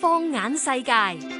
放眼世界。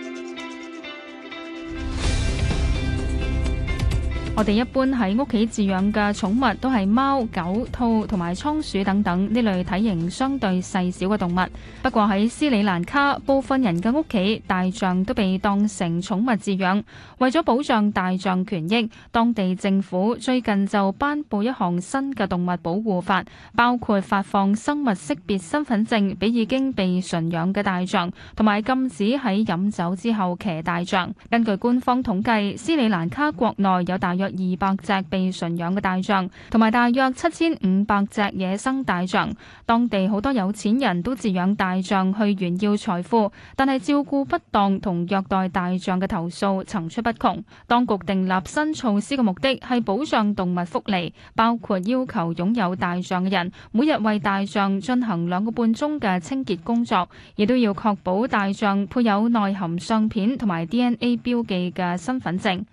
我哋一般喺屋企飼養嘅寵物都係貓、狗、兔同埋倉鼠等等呢類體型相對細小嘅動物。不過喺斯里蘭卡，部分人嘅屋企大象都被當成寵物飼養。為咗保障大象權益，當地政府最近就頒布一項新嘅動物保護法，包括發放生物識別身份證俾已經被馴養嘅大象，同埋禁止喺飲酒之後騎大象。根據官方統計，斯里蘭卡國內有大約二百隻被馴養嘅大象，同埋大約七千五百隻野生大象。當地好多有錢人都飼養大象去炫耀財富，但係照顧不當同虐待大象嘅投訴層出不窮。當局訂立新措施嘅目的係保障動物福利，包括要求擁有大象嘅人每日為大象進行兩個半鐘嘅清潔工作，亦都要確保大象配有內含相片同埋 DNA 標記嘅身份證。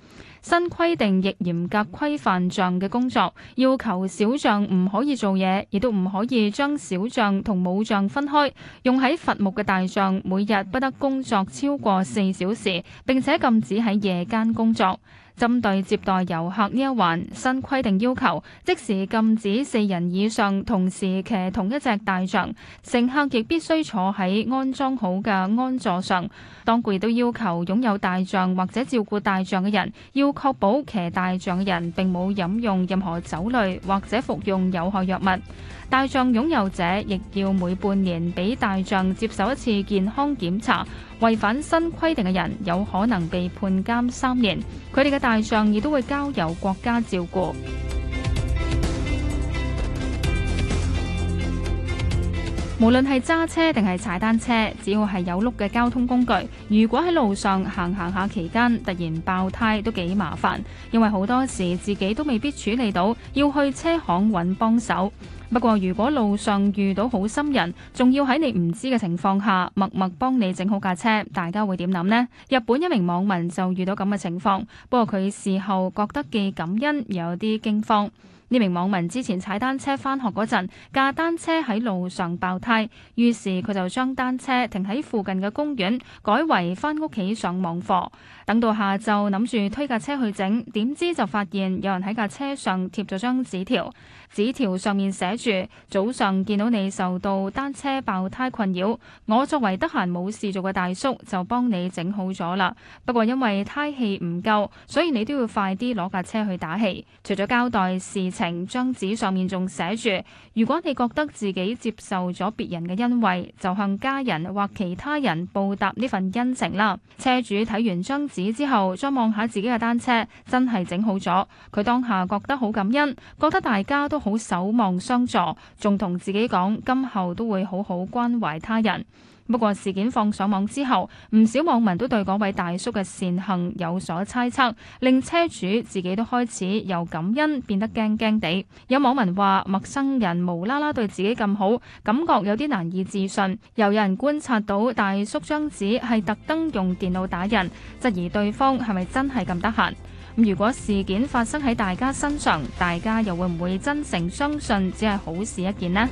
新規定亦嚴格規範象嘅工作，要求小象唔可以做嘢，亦都唔可以將小象同母象分開。用喺伐木嘅大象，每日不得工作超過四小時，並且禁止喺夜間工作。針對接待遊客呢一環，新規定要求即時禁止四人以上同時騎同一隻大象，乘客亦必須坐喺安裝好嘅鞍座上。當局亦都要求擁有大象或者照顧大象嘅人，要確保騎大象嘅人並冇飲用任何酒類或者服用有害藥物。大象擁有者亦要每半年俾大象接受一次健康檢查，違反新規定嘅人有可能被判監三年。佢哋嘅大象亦都會交由國家照顧。無論係揸車定係踩單車，只要係有碌嘅交通工具，如果喺路上行行下期間突然爆胎，都幾麻煩，因為好多時自己都未必處理到，要去車行揾幫手。不過如果路上遇到好心人，仲要喺你唔知嘅情況下默默幫你整好架車，大家會點諗呢？日本一名網民就遇到咁嘅情況，不過佢事後覺得既感恩又有啲驚慌。呢名網民之前踩單車翻學嗰陣，架單車喺路上爆胎，於是佢就將單車停喺附近嘅公園，改為翻屋企上網課，等到下晝諗住推架車去整，點知就發現有人喺架車上貼咗張紙條，紙條上面寫住早上見到你受到單車爆胎困擾，我作為得閒冇事做嘅大叔就幫你整好咗啦。不過因為胎氣唔夠，所以你都要快啲攞架車去打氣。除咗交代事情，張紙上面仲寫住：如果你覺得自己接受咗別人嘅恩惠，就向家人或其他人報答呢份恩情啦。車主睇完張紙之後，再望下自己嘅單車，真係整好咗。佢當下覺得好感恩，覺得大家都好守望相助，仲同自己講今後都會好好關懷他人。不過事件放上網之後，唔少網民都對嗰位大叔嘅善行有所猜測，令車主自己都開始由感恩變得驚驚地。有網民話：陌生人無啦啦對自己咁好，感覺有啲難以置信。又有人觀察到大叔張紙係特登用電腦打印，質疑對方係咪真係咁得閒。如果事件發生喺大家身上，大家又會唔會真誠相信只係好事一件呢？